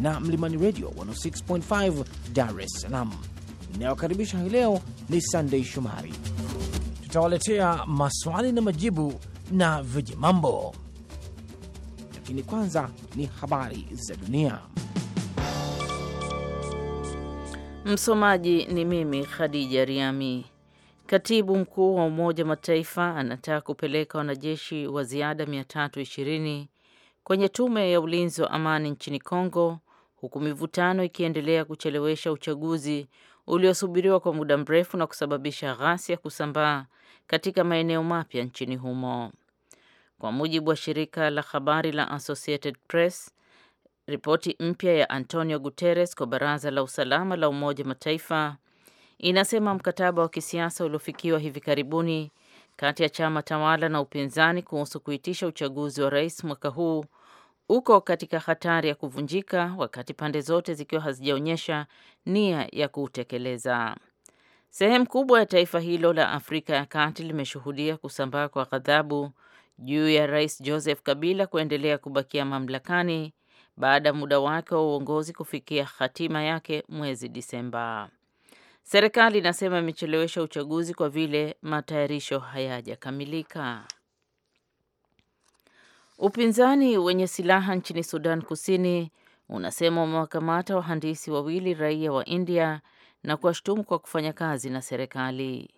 na Mlimani Radio 106.5 Dar es Salaam. Inayokaribisha hii leo ni Sandei shumari Tutawaletea maswali na majibu na vijimambo, lakini kwanza ni habari za dunia. Msomaji ni mimi Khadija Riami. Katibu mkuu wa Umoja wa Mataifa anataka kupeleka wanajeshi wa ziada 320 kwenye tume ya ulinzi wa amani nchini Kongo huku mivutano ikiendelea kuchelewesha uchaguzi uliosubiriwa kwa muda mrefu na kusababisha ghasia kusambaa katika maeneo mapya nchini humo. Kwa mujibu wa shirika la habari la Associated Press, ripoti mpya ya Antonio Guterres kwa Baraza la Usalama la Umoja Mataifa inasema mkataba wa kisiasa uliofikiwa hivi karibuni kati ya chama tawala na upinzani kuhusu kuitisha uchaguzi wa rais mwaka huu uko katika hatari ya kuvunjika wakati pande zote zikiwa hazijaonyesha nia ya kuutekeleza. Sehemu kubwa ya taifa hilo la Afrika ya Kati limeshuhudia kusambaa kwa ghadhabu juu ya Rais Joseph Kabila kuendelea kubakia mamlakani baada ya muda wake wa uongozi kufikia hatima yake mwezi Disemba. Serikali inasema imechelewesha uchaguzi kwa vile matayarisho hayajakamilika. Upinzani wenye silaha nchini Sudan Kusini unasema umewakamata wahandisi wawili raia wa India na kuwashutumu kwa kufanya kazi na serikali.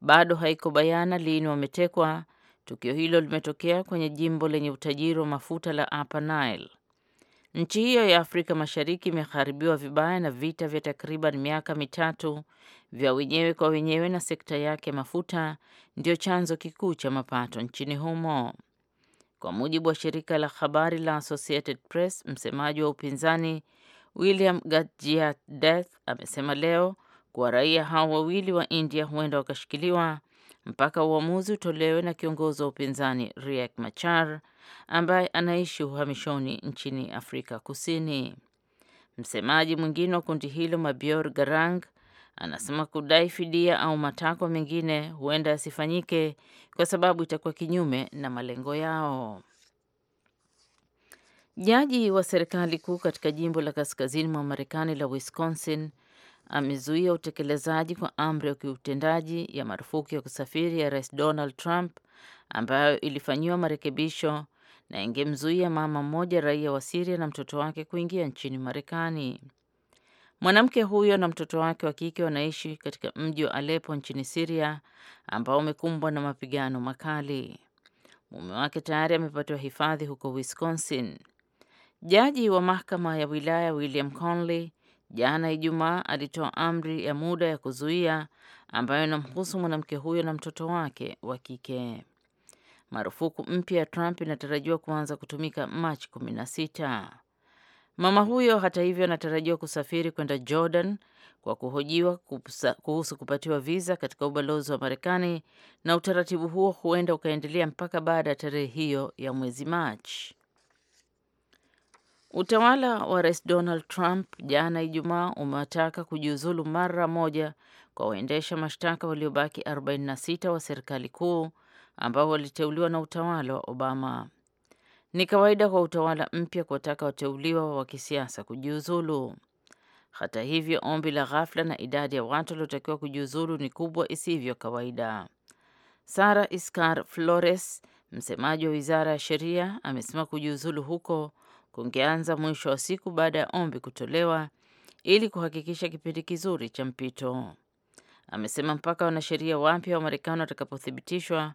Bado haiko bayana lini wametekwa. Tukio hilo limetokea kwenye jimbo lenye utajiri wa mafuta la Upper Nile. Nchi hiyo ya Afrika Mashariki imeharibiwa vibaya na vita vya takriban miaka mitatu vya wenyewe kwa wenyewe, na sekta yake mafuta ndiyo chanzo kikuu cha mapato nchini humo. Kwa mujibu wa shirika la habari la Associated Press, msemaji wa upinzani William Gatjiadeth amesema leo kuwa raia hao wawili wa India huenda wakashikiliwa mpaka uamuzi utolewe na kiongozi wa upinzani Riek Machar ambaye anaishi uhamishoni nchini Afrika Kusini. Msemaji mwingine wa kundi hilo Mabior Garang Anasema kudai fidia au matakwa mengine huenda yasifanyike kwa sababu itakuwa kinyume na malengo yao. Jaji wa serikali kuu katika jimbo la kaskazini mwa Marekani la Wisconsin amezuia utekelezaji kwa amri ya kiutendaji ya marufuku ya kusafiri ya Rais Donald Trump ambayo ilifanyiwa marekebisho na ingemzuia mama mmoja raia wa Siria na mtoto wake kuingia nchini Marekani. Mwanamke huyo na mtoto wake wa kike wanaishi katika mji wa Aleppo nchini Syria ambao umekumbwa na mapigano makali. Mume wake tayari amepatiwa hifadhi huko Wisconsin. Jaji wa mahakama ya wilaya William Conley jana Ijumaa alitoa amri ya muda ya kuzuia ambayo inamhusu mwanamke huyo na mtoto wake wa kike. Marufuku mpya ya Trump inatarajiwa kuanza kutumika Machi 16. Mama huyo hata hivyo anatarajiwa kusafiri kwenda Jordan kwa kuhojiwa kuhusu kupatiwa viza katika ubalozi wa Marekani na utaratibu huo huenda ukaendelea mpaka baada ya tarehe hiyo ya mwezi Machi. Utawala wa Rais Donald Trump jana Ijumaa umewataka kujiuzulu mara moja kwa waendesha mashtaka waliobaki 46 wa serikali kuu ambao waliteuliwa na utawala wa Obama. Ni kawaida kwa utawala mpya kuwataka wateuliwa wa kisiasa kujiuzulu. Hata hivyo, ombi la ghafla na idadi ya watu waliotakiwa kujiuzulu ni kubwa isivyo kawaida. Sara iscar Flores, msemaji wa wizara ya sheria, amesema kujiuzulu huko kungeanza mwisho wa siku baada ya ombi kutolewa ili kuhakikisha kipindi kizuri cha mpito. Amesema mpaka wanasheria wapya wa Marekani watakapothibitishwa,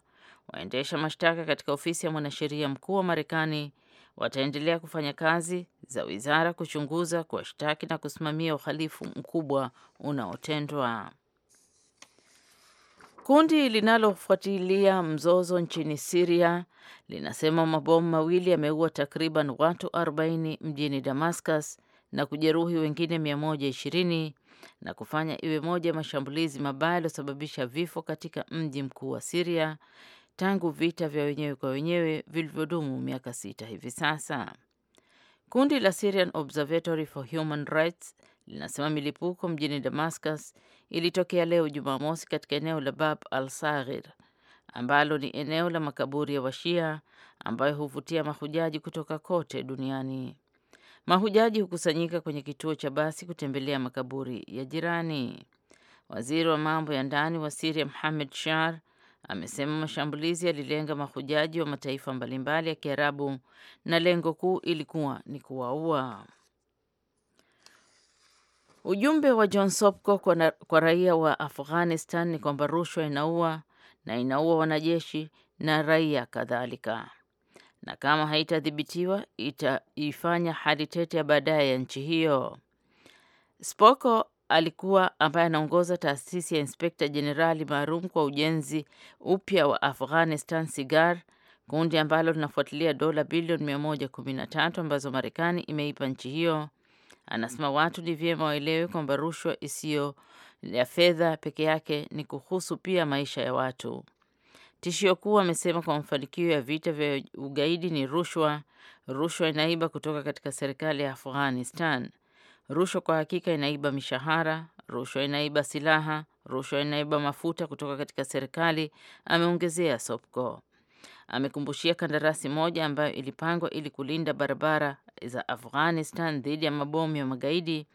Waendesha mashtaka katika ofisi ya mwanasheria mkuu wa Marekani wataendelea kufanya kazi za wizara kuchunguza, kuwashtaki na kusimamia uhalifu mkubwa unaotendwa. Kundi linalofuatilia mzozo nchini Siria linasema mabomu mawili yameua takriban watu 40 mjini Damascus na kujeruhi wengine 120 na kufanya iwe moja ya mashambulizi mabaya yaliyosababisha vifo katika mji mkuu wa Siria tangu vita vya wenyewe kwa wenyewe vilivyodumu miaka sita hivi sasa. Kundi la Syrian Observatory for Human Rights linasema milipuko mjini Damascus ilitokea leo Jumamosi katika eneo la Bab al Saghir ambalo ni eneo la makaburi ya Washia ambayo huvutia mahujaji kutoka kote duniani. Mahujaji hukusanyika kwenye kituo cha basi kutembelea makaburi ya jirani. Waziri wa mambo ya ndani wa Siria Muhamed Shar amesema mashambulizi yalilenga mahujaji wa mataifa mbalimbali ya Kiarabu na lengo kuu ilikuwa ni kuwaua. Ujumbe wa John Sopko kwa, na, kwa raia wa Afghanistan ni kwamba rushwa inaua na inaua wanajeshi na raia kadhalika, na kama haitadhibitiwa itaifanya hali tete ya baadaye ya nchi hiyo. Spoko alikuwa ambaye anaongoza taasisi ya inspekta jenerali maalum kwa ujenzi upya wa Afghanistan SIGAR, kundi ambalo linafuatilia dola bilioni 113 ambazo Marekani imeipa nchi hiyo. Anasema watu ni vyema waelewe kwamba rushwa isiyo ya fedha peke yake ni kuhusu pia maisha ya watu. Tishio kuu, amesema, kwa mafanikio ya vita vya ugaidi ni rushwa. Rushwa inaiba kutoka katika serikali ya Afghanistan. Rushwa kwa hakika inaiba mishahara, rushwa inaiba silaha, rushwa inaiba mafuta kutoka katika serikali, ameongezea Sopko. Amekumbushia kandarasi moja ambayo ilipangwa ili kulinda barabara za Afghanistan dhidi ya mabomu ya magaidi,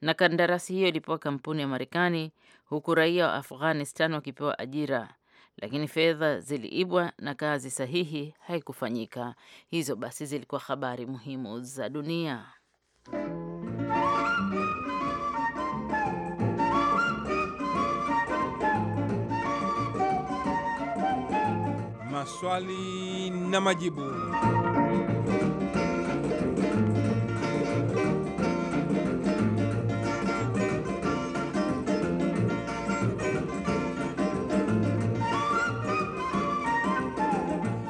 na kandarasi hiyo ilipewa kampuni ya Marekani, huku raia wa Afghanistan wakipewa ajira, lakini fedha ziliibwa na kazi sahihi haikufanyika. Hizo basi zilikuwa habari muhimu za dunia. maswali na majibu.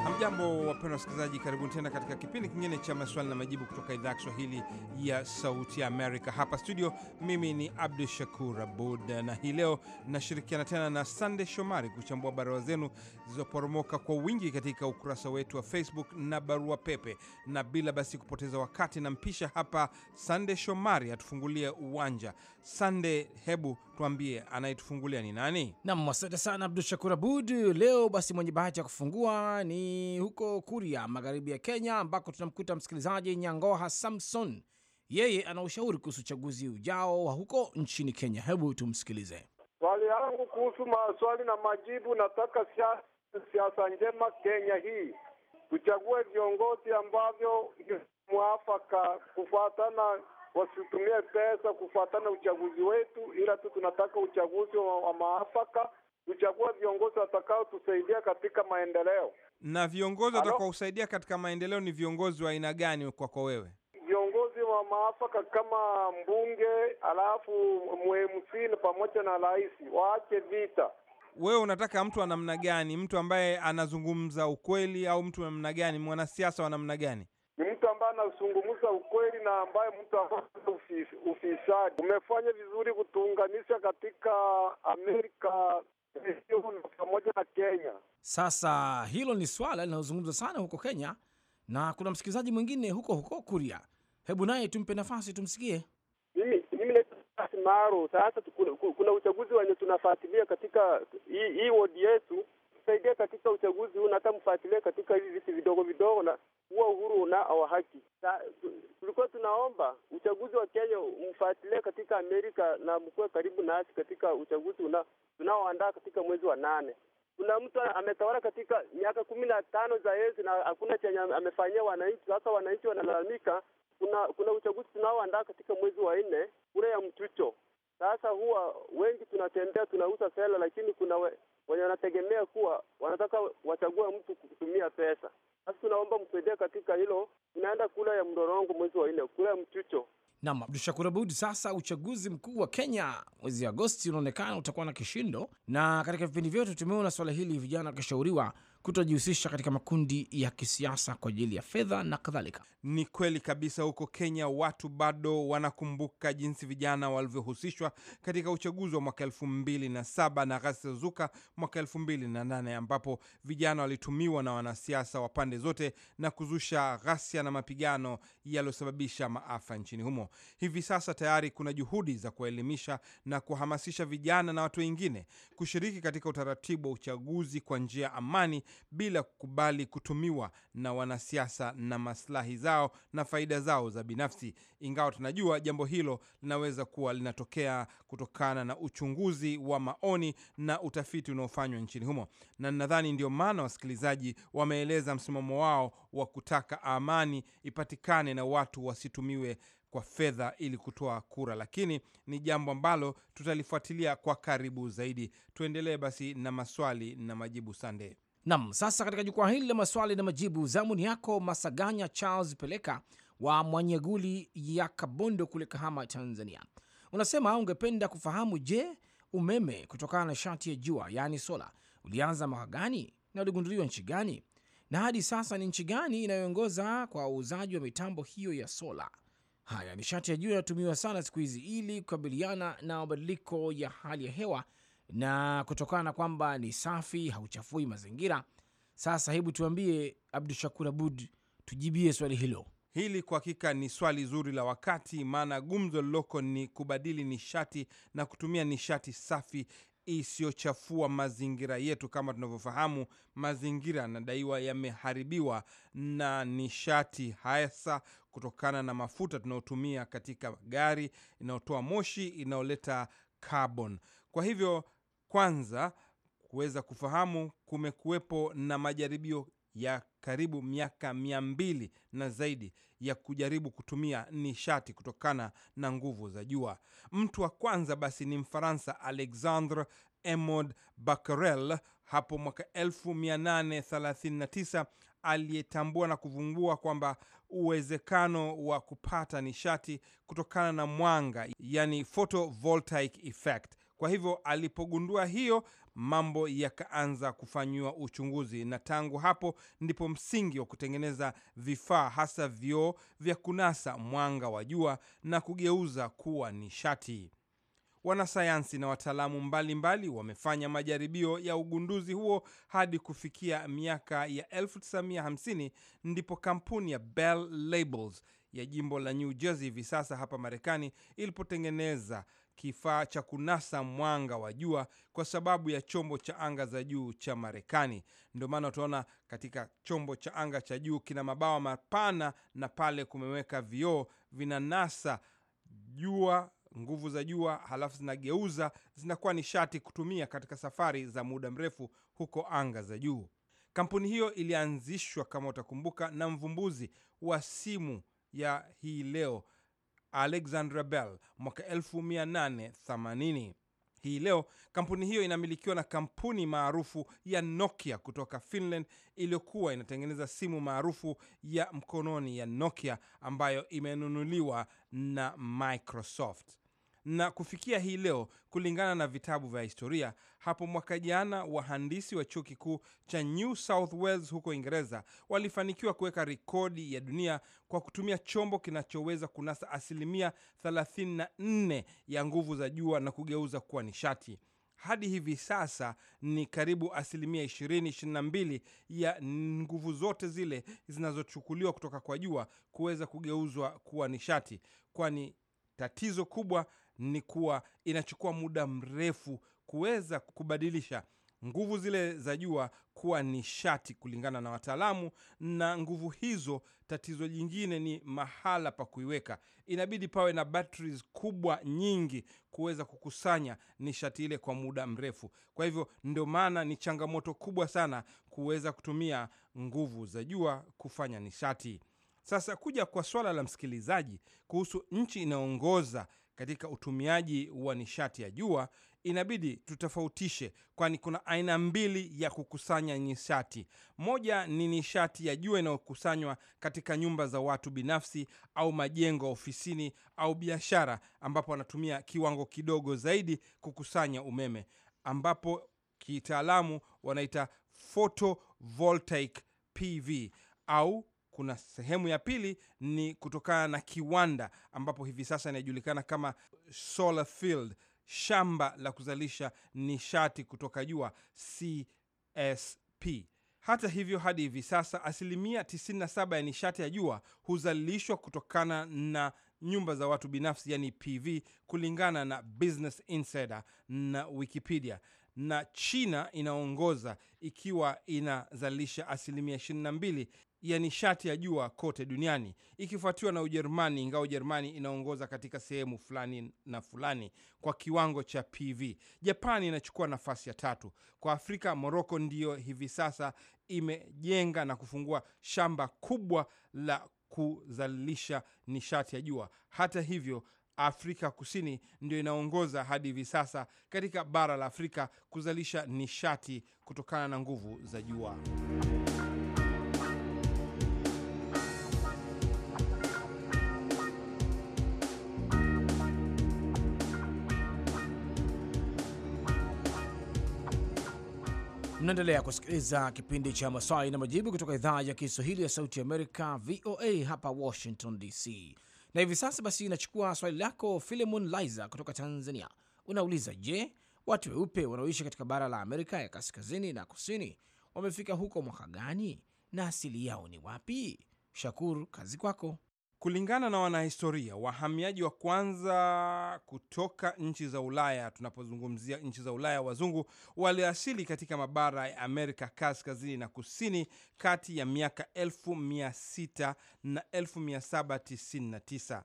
Hamjambo wapenda wasikilizaji, karibuni tena katika kipindi kingine cha maswali na majibu kutoka idhaa ya Kiswahili ya Sauti ya Amerika hapa studio. Mimi ni Abdu Shakur Abud, na hii leo nashirikiana tena na Sande Shomari kuchambua barua zenu zilizoporomoka kwa wingi katika ukurasa wetu wa Facebook na barua pepe. Na bila basi kupoteza wakati, na mpisha hapa Sande Shomari atufungulie uwanja. Sande, hebu tuambie anayetufungulia ni nani? Nam, asante sana Abdu Shakur Abud. Leo basi mwenye bahati ya kufungua ni huko Kuria, magharibi ya Kenya, ambako tunamkuta msikilizaji Nyangoha Samson. Yeye ana ushauri kuhusu uchaguzi ujao wa huko nchini Kenya. Hebu tumsikilize. Swali yangu kuhusu maswali na majibu, nataka siasa, siasa njema Kenya hii, tuchague viongozi ambavyo mwafaka kufuatana wasitumie pesa kufuatana uchaguzi wetu, ila tu tunataka uchaguzi wa, wa maafaka, kuchagua viongozi watakaotusaidia katika maendeleo. Na viongozi watakaousaidia katika maendeleo ni viongozi wa aina gani kwako wewe? Viongozi wa maafaka kama mbunge, alafu muhemsini pamoja na rais, waache vita. Wewe unataka mtu wa namna gani? Mtu ambaye anazungumza ukweli au mtu wa namna gani? Mwanasiasa wa namna gani? Ni mtu ambaye anazungumza ukweli na ambaye mtu ufisadi. Umefanya vizuri kutuunganisha katika Amerika pamoja na Kenya. Sasa hilo ni swala linalozungumzwa sana huko Kenya, na kuna msikilizaji mwingine huko huko Kuria. Hebu naye tumpe nafasi tumsikie. Mimi mimi Sasa kuna uchaguzi wenye tunafuatilia katika hii wodi yetu tusaidia katika uchaguzi huu na hata mfuatilie katika hivi viti vidogo vidogo, na huwa uhuru una wa haki. Tulikuwa tunaomba uchaguzi wa Kenya mfuatilie katika Amerika na mkuwe karibu nasi katika uchaguzi tunaoandaa katika mwezi wa nane. Kuna mtu ametawala katika miaka kumi na tano za enzi na hakuna chenye amefanyia wananchi. Sasa wananchi wanalalamika. Kuna kuna uchaguzi tunaoandaa katika mwezi wa nne ule ya mchucho. Sasa huwa wengi tunatembea tunauza sela, lakini kuna we, wenye wanategemea kuwa wanataka wachague mtu kutumia pesa. Sasa tunaomba msaidie katika hilo. inaenda kula ya mdorongo mwezi wa nne, kula ya mchucho. Naam, Abdu Shakur Abud. Sasa uchaguzi mkuu wa Kenya mwezi Agosti unaonekana utakuwa na kishindo, na katika vipindi vyetu tumeona swala hili, vijana wakishauriwa kutojihusisha katika makundi ya kisiasa kwa ajili ya fedha na kadhalika. Ni kweli kabisa. Huko Kenya watu bado wanakumbuka jinsi vijana walivyohusishwa katika uchaguzi wa mwaka elfu mbili na saba na ghasia zuka mwaka elfu mbili na nane ambapo vijana walitumiwa na wanasiasa wa pande zote na kuzusha ghasia na mapigano yaliyosababisha maafa nchini humo. Hivi sasa tayari kuna juhudi za kuwaelimisha na kuhamasisha vijana na watu wengine kushiriki katika utaratibu wa uchaguzi kwa njia amani bila kukubali kutumiwa na wanasiasa na maslahi zao na faida zao za binafsi, ingawa tunajua jambo hilo linaweza kuwa linatokea kutokana na uchunguzi wa maoni na utafiti unaofanywa nchini humo, na nadhani ndio maana wasikilizaji wameeleza msimamo wao wa kutaka amani ipatikane na watu wasitumiwe kwa fedha ili kutoa kura, lakini ni jambo ambalo tutalifuatilia kwa karibu zaidi. Tuendelee basi na maswali na majibu. Sande. Nam, sasa katika jukwaa hili la maswali na majibu, zamu ni yako Masaganya Charles Peleka wa Mwanyeguli ya Kabondo kule Kahama, Tanzania. Unasema ungependa kufahamu, je, umeme kutokana na shati ya jua yaani sola ulianza mwaka gani na uligunduliwa nchi gani, na hadi sasa ni nchi gani inayoongoza kwa uuzaji wa mitambo hiyo ya sola? Haya, nishati ya jua inatumiwa sana siku hizi ili kukabiliana na mabadiliko ya hali ya hewa na kutokana na kwamba ni safi, hauchafui mazingira. Sasa hebu tuambie, Abdu Shakur Abud, tujibie swali hilo. Hili kwa hakika ni swali zuri la wakati, maana gumzo liloko ni kubadili nishati na kutumia nishati safi isiyochafua mazingira yetu. Kama tunavyofahamu, mazingira yanadaiwa yameharibiwa na nishati, hasa kutokana na mafuta tunayotumia katika gari, inayotoa moshi, inayoleta carbon. Kwa hivyo kwanza kuweza kufahamu, kumekuwepo na majaribio ya karibu miaka mia mbili na zaidi ya kujaribu kutumia nishati kutokana na nguvu za jua. Mtu wa kwanza basi ni Mfaransa Alexandre Emod Becquerel hapo mwaka 1839 aliyetambua na kuvumbua kwamba uwezekano wa kupata nishati kutokana na mwanga, yani photovoltaic effect. Kwa hivyo alipogundua hiyo, mambo yakaanza kufanyiwa uchunguzi, na tangu hapo ndipo msingi wa kutengeneza vifaa hasa vyoo vya kunasa mwanga wa jua na kugeuza kuwa nishati. Wanasayansi na wataalamu mbalimbali wamefanya majaribio ya ugunduzi huo hadi kufikia miaka ya 1950 ndipo kampuni ya Bell Labels ya jimbo la New Jersey hivi sasa hapa Marekani ilipotengeneza kifaa cha kunasa mwanga wa jua kwa sababu ya chombo cha anga za juu cha Marekani. Ndio maana utaona katika chombo cha anga cha juu kina mabawa mapana, na pale kumeweka vioo vinanasa jua nguvu za jua halafu zinageuza zinakuwa nishati kutumia katika safari za muda mrefu huko anga za juu. Kampuni hiyo ilianzishwa kama utakumbuka, na mvumbuzi wa simu ya hii leo Alexandra Bell mwaka 1880. Hii leo kampuni hiyo inamilikiwa na kampuni maarufu ya Nokia kutoka Finland iliyokuwa inatengeneza simu maarufu ya mkononi ya Nokia ambayo imenunuliwa na Microsoft na kufikia hii leo, kulingana na vitabu vya historia, hapo mwaka jana wahandisi wa chuo kikuu cha New South Wales huko Uingereza walifanikiwa kuweka rekodi ya dunia kwa kutumia chombo kinachoweza kunasa asilimia 34 ya nguvu za jua na kugeuza kuwa nishati. Hadi hivi sasa ni karibu asilimia 20-22 ya nguvu zote zile zinazochukuliwa kutoka kwa jua kuweza kugeuzwa kuwa nishati, kwani tatizo kubwa ni kuwa inachukua muda mrefu kuweza kubadilisha nguvu zile za jua kuwa nishati kulingana na wataalamu. Na nguvu hizo, tatizo jingine ni mahala pa kuiweka. Inabidi pawe na batteries kubwa nyingi kuweza kukusanya nishati ile kwa muda mrefu. Kwa hivyo ndio maana ni changamoto kubwa sana kuweza kutumia nguvu za jua kufanya nishati. Sasa kuja kwa swala la msikilizaji kuhusu nchi inaongoza katika utumiaji wa nishati ya jua inabidi tutofautishe, kwani kuna aina mbili ya kukusanya nishati. Moja ni nishati ya jua inayokusanywa katika nyumba za watu binafsi au majengo ofisini au biashara, ambapo wanatumia kiwango kidogo zaidi kukusanya umeme, ambapo kitaalamu wanaita photovoltaic PV au kuna sehemu ya pili ni kutokana na kiwanda ambapo hivi sasa inajulikana kama solar field, shamba la kuzalisha nishati kutoka jua CSP. Hata hivyo, hadi hivi sasa asilimia 97 ya nishati ya jua huzalishwa kutokana na nyumba za watu binafsi, yani PV, kulingana na Business Insider na Wikipedia na China inaongoza ikiwa inazalisha asilimia 22 ya nishati ya jua kote duniani ikifuatiwa na Ujerumani, ingawa Ujerumani inaongoza katika sehemu fulani na fulani kwa kiwango cha PV. Japani inachukua nafasi ya tatu. Kwa Afrika, Moroko ndiyo hivi sasa imejenga na kufungua shamba kubwa la kuzalisha nishati ya jua. Hata hivyo, Afrika Kusini ndio inaongoza hadi hivi sasa katika bara la Afrika kuzalisha nishati kutokana na nguvu za jua. Mnaendelea kusikiliza kipindi cha maswali na majibu kutoka idhaa ya Kiswahili ya Sauti Amerika, VOA hapa Washington DC. Na hivi sasa basi inachukua swali lako Filemon Liza kutoka Tanzania. Unauliza, je, watu weupe wanaoishi katika bara la Amerika ya kaskazini na kusini wamefika huko mwaka gani na asili yao ni wapi? shakur kazi kwako. Kulingana na wanahistoria, wahamiaji wa kwanza kutoka nchi za Ulaya, tunapozungumzia nchi za Ulaya, wazungu waliasili katika mabara ya Amerika kaskazini na kusini kati ya miaka 1600 na 1799.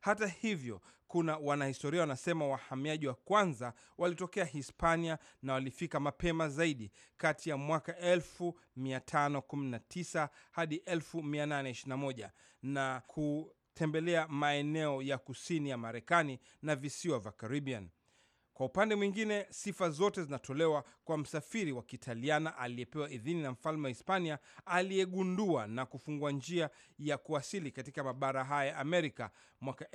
Hata hivyo kuna wanahistoria wanasema wahamiaji wa kwanza walitokea Hispania na walifika mapema zaidi kati ya mwaka 1519 hadi 1821 na kutembelea maeneo ya kusini ya Marekani na visiwa vya Caribbean. Kwa upande mwingine, sifa zote zinatolewa kwa msafiri wa Kitaliana aliyepewa idhini na mfalme wa Hispania aliyegundua na kufungua njia ya kuwasili katika mabara haya Amerika mwaka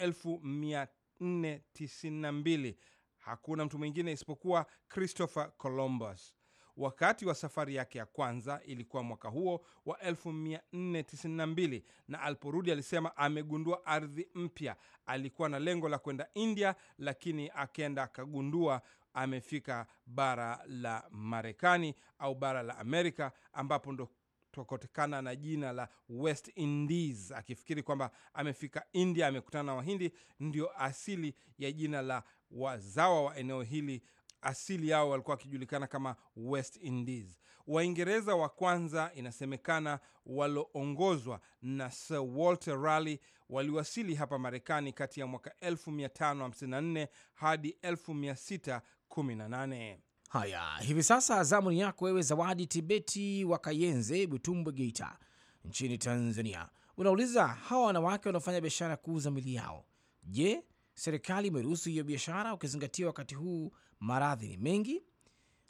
1492 Hakuna mtu mwingine isipokuwa Christopher Columbus. Wakati wa safari yake ya kwanza ilikuwa mwaka huo wa 1492 na aliporudi alisema amegundua ardhi mpya. Alikuwa na lengo la kwenda India, lakini akenda akagundua amefika bara la Marekani au bara la Amerika, ambapo ndo kutokotekana na jina la West Indies, akifikiri kwamba amefika India, amekutana na Wahindi. Ndio asili ya jina la wazawa wa eneo hili asili yao walikuwa wakijulikana kama West Indies. Waingereza wa kwanza inasemekana walioongozwa na Sir Walter Raleigh waliwasili hapa Marekani kati ya mwaka 1554 hadi 1618. Haya, hivi sasa zamu yako wewe, Zawadi Tibeti wa Kayenze, Butumbwe, Geita nchini Tanzania. Unauliza, hawa wanawake wanaofanya biashara kuuza mili yao, je, serikali imeruhusu hiyo biashara, ukizingatia wakati huu maradhi ni mengi?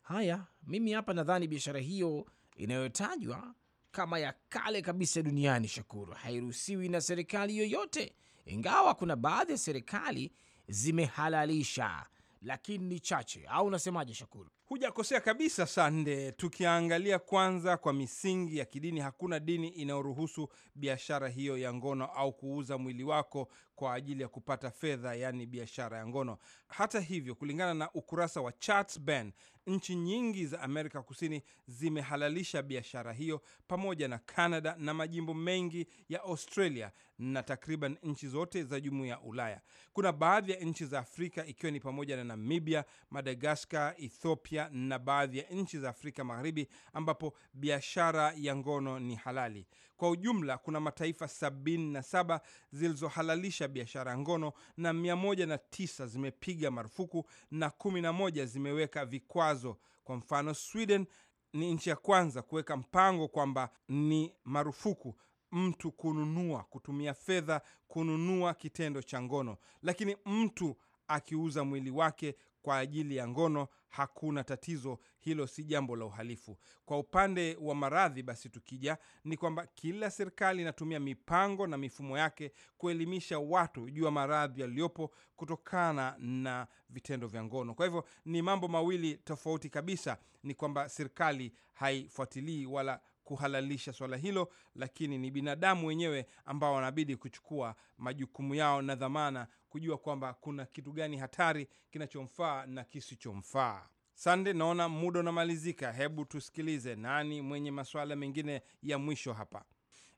Haya, mimi hapa nadhani biashara hiyo inayotajwa kama ya kale kabisa duniani, Shakuru, hairuhusiwi na serikali yoyote, ingawa kuna baadhi ya serikali zimehalalisha lakini ni chache, au unasemaje Shakuru? Hujakosea kabisa, Sande. Tukiangalia kwanza kwa misingi ya kidini, hakuna dini inayoruhusu biashara hiyo ya ngono au kuuza mwili wako kwa ajili ya kupata fedha, yaani biashara ya ngono. Hata hivyo, kulingana na ukurasa wa ban nchi nyingi za Amerika Kusini zimehalalisha biashara hiyo pamoja na Canada na majimbo mengi ya Australia na takriban nchi zote za jumuiya ya Ulaya. Kuna baadhi ya nchi za Afrika ikiwa ni pamoja na Namibia, Madagaskar, Ethiopia na baadhi ya nchi za Afrika Magharibi ambapo biashara ya ngono ni halali. Kwa ujumla kuna mataifa 77 zilizohalalisha biashara ngono na 109 zimepiga marufuku na 11 zimeweka vikwazo. Kwa mfano, Sweden ni nchi ya kwanza kuweka mpango kwamba ni marufuku mtu kununua, kutumia fedha kununua kitendo cha ngono, lakini mtu akiuza mwili wake kwa ajili ya ngono hakuna tatizo, hilo si jambo la uhalifu. Kwa upande wa maradhi, basi tukija ni kwamba kila serikali inatumia mipango na mifumo yake kuelimisha watu juu ya maradhi yaliyopo kutokana na vitendo vya ngono. Kwa hivyo ni mambo mawili tofauti kabisa, ni kwamba serikali haifuatilii wala kuhalalisha swala hilo, lakini ni binadamu wenyewe ambao wanabidi kuchukua majukumu yao na dhamana, kujua kwamba kuna kitu gani hatari kinachomfaa na kisichomfaa. Sande, naona muda unamalizika. Hebu tusikilize nani mwenye masuala mengine ya mwisho hapa.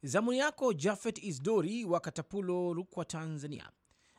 Zamuni yako Jafet Isdori wa Katapulo, Rukwa, Tanzania,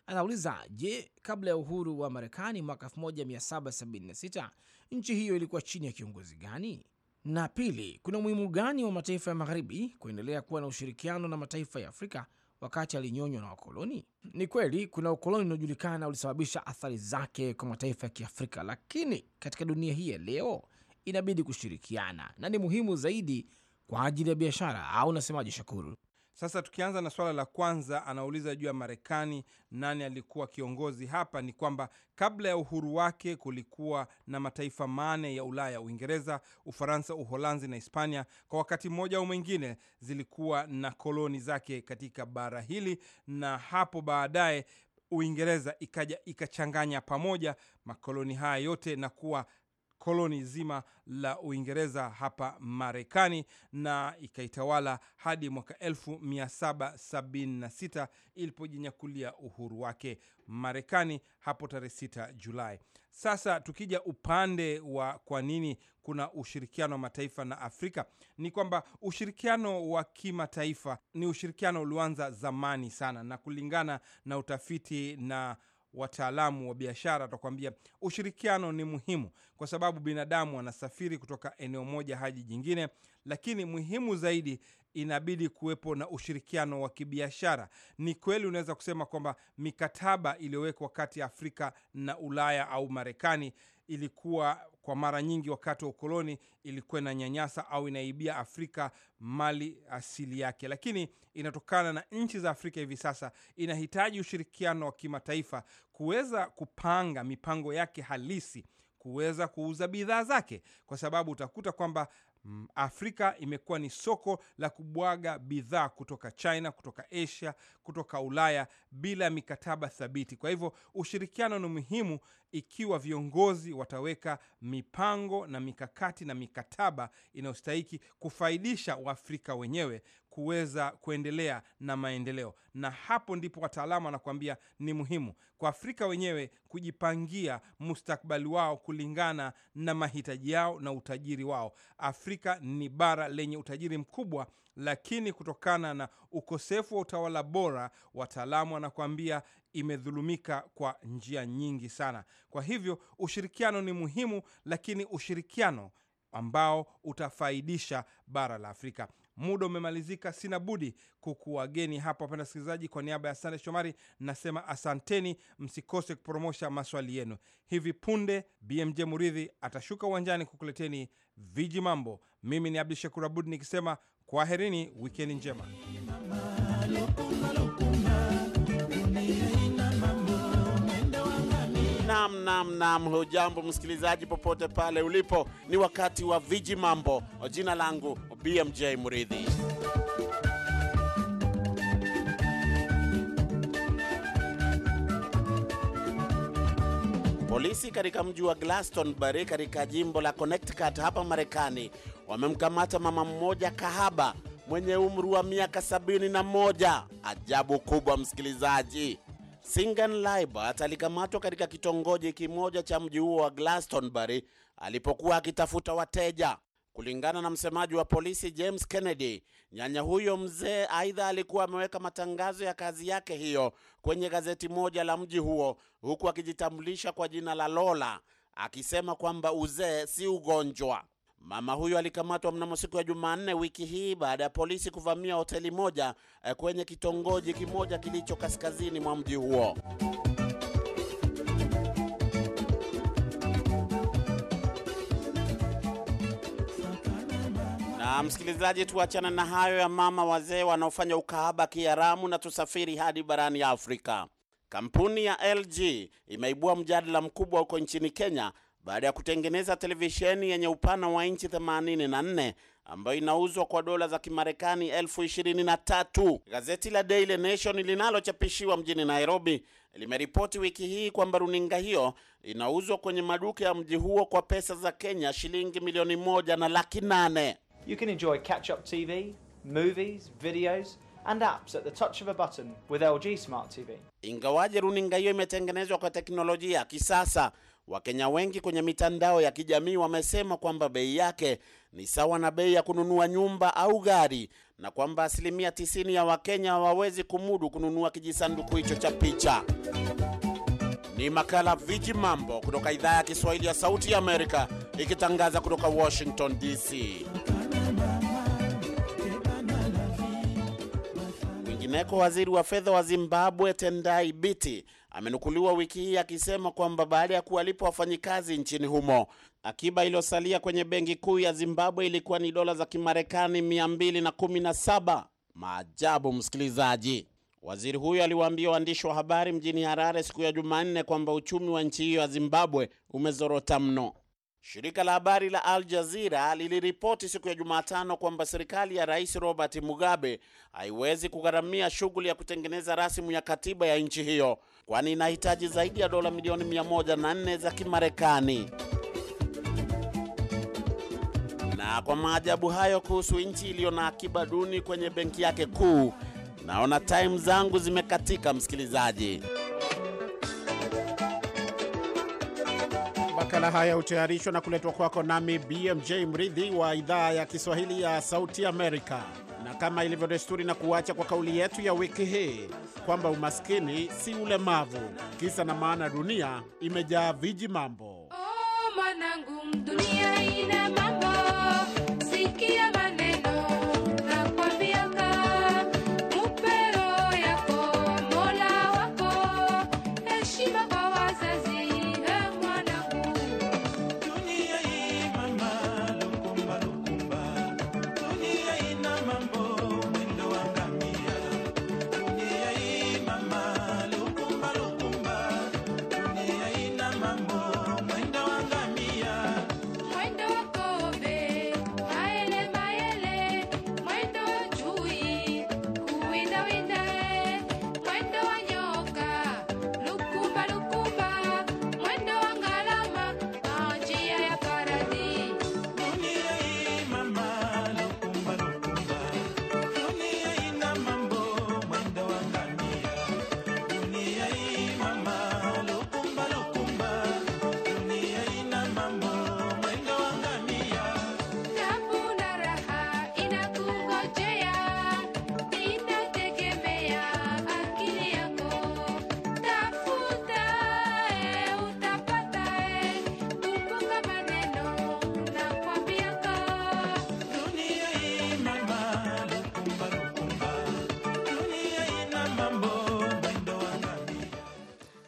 anauliza je, kabla ya uhuru wa Marekani mwaka 1776 nchi hiyo ilikuwa chini ya kiongozi gani? Na pili, kuna umuhimu gani wa mataifa ya magharibi kuendelea kuwa na ushirikiano na mataifa ya Afrika wakati alinyonywa na wakoloni. Ni kweli kuna ukoloni unaojulikana ulisababisha athari zake kwa mataifa ya Kiafrika, lakini katika dunia hii ya leo inabidi kushirikiana na ni muhimu zaidi kwa ajili ya biashara, au unasemaje Shakuru? Sasa tukianza na swala la kwanza, anauliza juu ya Marekani, nani alikuwa kiongozi hapa? Ni kwamba kabla ya uhuru wake kulikuwa na mataifa mane ya Ulaya: Uingereza, Ufaransa, Uholanzi na Hispania. Kwa wakati mmoja au mwingine zilikuwa na koloni zake katika bara hili, na hapo baadaye Uingereza ikaja ikachanganya pamoja makoloni haya yote na kuwa koloni zima la Uingereza hapa Marekani na ikaitawala hadi mwaka 1776 ilipojinyakulia uhuru wake Marekani hapo tarehe 6 Julai. Sasa tukija upande wa kwa nini kuna ushirikiano wa mataifa na Afrika ni kwamba ushirikiano wa kimataifa ni ushirikiano ulioanza zamani sana, na kulingana na utafiti na wataalamu wa biashara watakuambia ushirikiano ni muhimu, kwa sababu binadamu wanasafiri kutoka eneo moja hadi jingine, lakini muhimu zaidi inabidi kuwepo na ushirikiano wa kibiashara. Ni kweli unaweza kusema kwamba mikataba iliyowekwa kati ya Afrika na Ulaya au Marekani ilikuwa kwa mara nyingi wakati wa ukoloni ilikuwa inanyanyasa au inaibia Afrika mali asili yake, lakini inatokana na nchi za Afrika hivi sasa inahitaji ushirikiano wa kimataifa kuweza kupanga mipango yake halisi kuweza kuuza bidhaa zake, kwa sababu utakuta kwamba mm, Afrika imekuwa ni soko la kubwaga bidhaa kutoka China, kutoka Asia, kutoka Ulaya bila mikataba thabiti. Kwa hivyo ushirikiano ni muhimu ikiwa viongozi wataweka mipango na mikakati na mikataba inayostahiki kufaidisha Waafrika wenyewe kuweza kuendelea na maendeleo, na hapo ndipo wataalamu wanakuambia ni muhimu kwa Afrika wenyewe kujipangia mustakbali wao kulingana na mahitaji yao na utajiri wao. Afrika ni bara lenye utajiri mkubwa lakini kutokana na ukosefu wa utawala bora, wataalamu wanakuambia imedhulumika kwa njia nyingi sana. Kwa hivyo ushirikiano ni muhimu, lakini ushirikiano ambao utafaidisha bara la Afrika muda umemalizika, sina budi kukuwageni hapa wapenda wasikilizaji. Kwa niaba ya Sande Shomari nasema asanteni, msikose kupromosha maswali yenu. Hivi punde BMJ Muridhi atashuka uwanjani kukuleteni viji mambo. Mimi ni Abdu Shakur Abud nikisema kwaherini, wikendi njema. Nam, nam, nam. Hujambo msikilizaji, popote pale ulipo, ni wakati wa viji mambo. Jina langu BMJ Mridhi. Polisi katika mji wa Glastonbury katika jimbo la Connecticut hapa Marekani wamemkamata mama mmoja kahaba mwenye umri wa miaka sabini na moja. Ajabu kubwa, msikilizaji. Singan Libert alikamatwa katika kitongoji kimoja cha mji huo wa Glastonbury alipokuwa akitafuta wateja. Kulingana na msemaji wa polisi James Kennedy, nyanya huyo mzee aidha alikuwa ameweka matangazo ya kazi yake hiyo kwenye gazeti moja la mji huo, huku akijitambulisha kwa jina la Lola akisema kwamba uzee si ugonjwa. Mama huyo alikamatwa mnamo siku ya Jumanne wiki hii baada ya polisi kuvamia hoteli moja eh, kwenye kitongoji kimoja kilicho kaskazini mwa mji huo. msikilizaji, tuachana na hayo ya mama wazee wanaofanya ukahaba kiharamu na tusafiri hadi barani ya Afrika. Kampuni ya LG imeibua mjadala mkubwa huko nchini Kenya baada ya kutengeneza televisheni yenye upana wa inchi 84 ambayo inauzwa kwa dola za Kimarekani elfu ishirini na tatu. Gazeti la Daily Nation linalochapishiwa mjini Nairobi limeripoti wiki hii kwamba runinga hiyo inauzwa kwenye maduka ya mji huo kwa pesa za Kenya shilingi milioni moja na laki nane. You can enjoy catch up TV, movies, videos and apps at the touch of a button with LG Smart TV. Ingawaje runinga hiyo imetengenezwa kwa teknolojia ya kisasa, Wakenya wengi kwenye mitandao ya kijamii wamesema kwamba bei yake ni sawa na bei ya kununua nyumba au gari na kwamba asilimia 90 ya Wakenya hawawezi kumudu kununua kijisanduku hicho cha picha. Ni makala Viji Mambo kutoka idhaa ya Kiswahili ya Sauti ya Amerika ikitangaza kutoka Washington DC. Kwingineko, waziri wa fedha wa Zimbabwe Tendai Biti amenukuliwa wiki hii akisema kwamba baada ya kuwalipa wafanyikazi nchini humo akiba iliyosalia kwenye benki kuu ya Zimbabwe ilikuwa ni dola za Kimarekani 217. Maajabu, msikilizaji. Waziri huyo aliwaambia waandishi wa habari mjini Harare siku ya Jumanne kwamba uchumi wa nchi hiyo ya Zimbabwe umezorota mno. Shirika la habari la Al Jazeera liliripoti siku ya Jumatano kwamba serikali ya Rais Robert Mugabe haiwezi kugharamia shughuli ya kutengeneza rasimu ya katiba ya nchi hiyo kwani inahitaji zaidi ya dola milioni 104 za Kimarekani. Na kwa maajabu hayo kuhusu nchi iliyo na akiba duni kwenye benki yake kuu, naona time zangu zimekatika msikilizaji. Makala haya hutayarishwa na kuletwa kwako nami BMJ Mridhi wa idhaa ya Kiswahili ya Sauti Amerika, na kama ilivyo desturi, na kuacha kwa kauli yetu ya wiki hii kwamba umaskini si ulemavu. Kisa na maana, dunia imejaa viji mambo. Oh,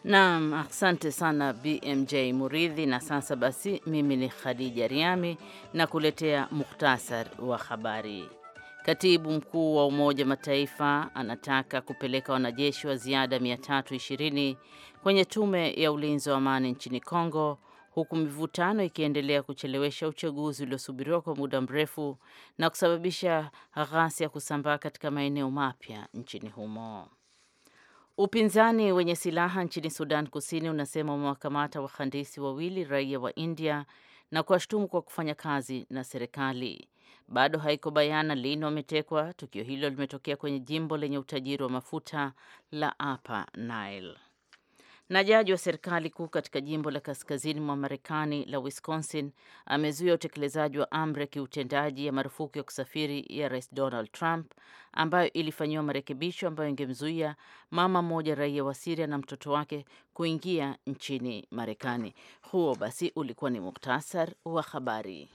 Naam, asante sana BMJ Muridhi. Na sasa basi, mimi ni Khadija Riami na kuletea muktasar wa habari. Katibu mkuu wa Umoja Mataifa anataka kupeleka wanajeshi wa ziada 320 kwenye tume ya ulinzi wa amani nchini Kongo, huku mivutano ikiendelea kuchelewesha uchaguzi uliosubiriwa kwa muda mrefu na kusababisha ghasia ya kusambaa katika maeneo mapya nchini humo. Upinzani wenye silaha nchini Sudan Kusini unasema umewakamata wahandisi wawili raia wa India na kuwashutumu kwa kufanya kazi na serikali. Bado haiko bayana lini wametekwa. Tukio hilo limetokea kwenye jimbo lenye utajiri wa mafuta la Upper Nile. Na jaji wa serikali kuu katika jimbo la kaskazini mwa Marekani la Wisconsin amezuia utekelezaji wa amri ya kiutendaji ya marufuku ya kusafiri ya Rais Donald Trump ambayo ilifanyiwa marekebisho ambayo ingemzuia mama mmoja raia wa Siria na mtoto wake kuingia nchini Marekani. Huo basi ulikuwa ni muktasar wa habari.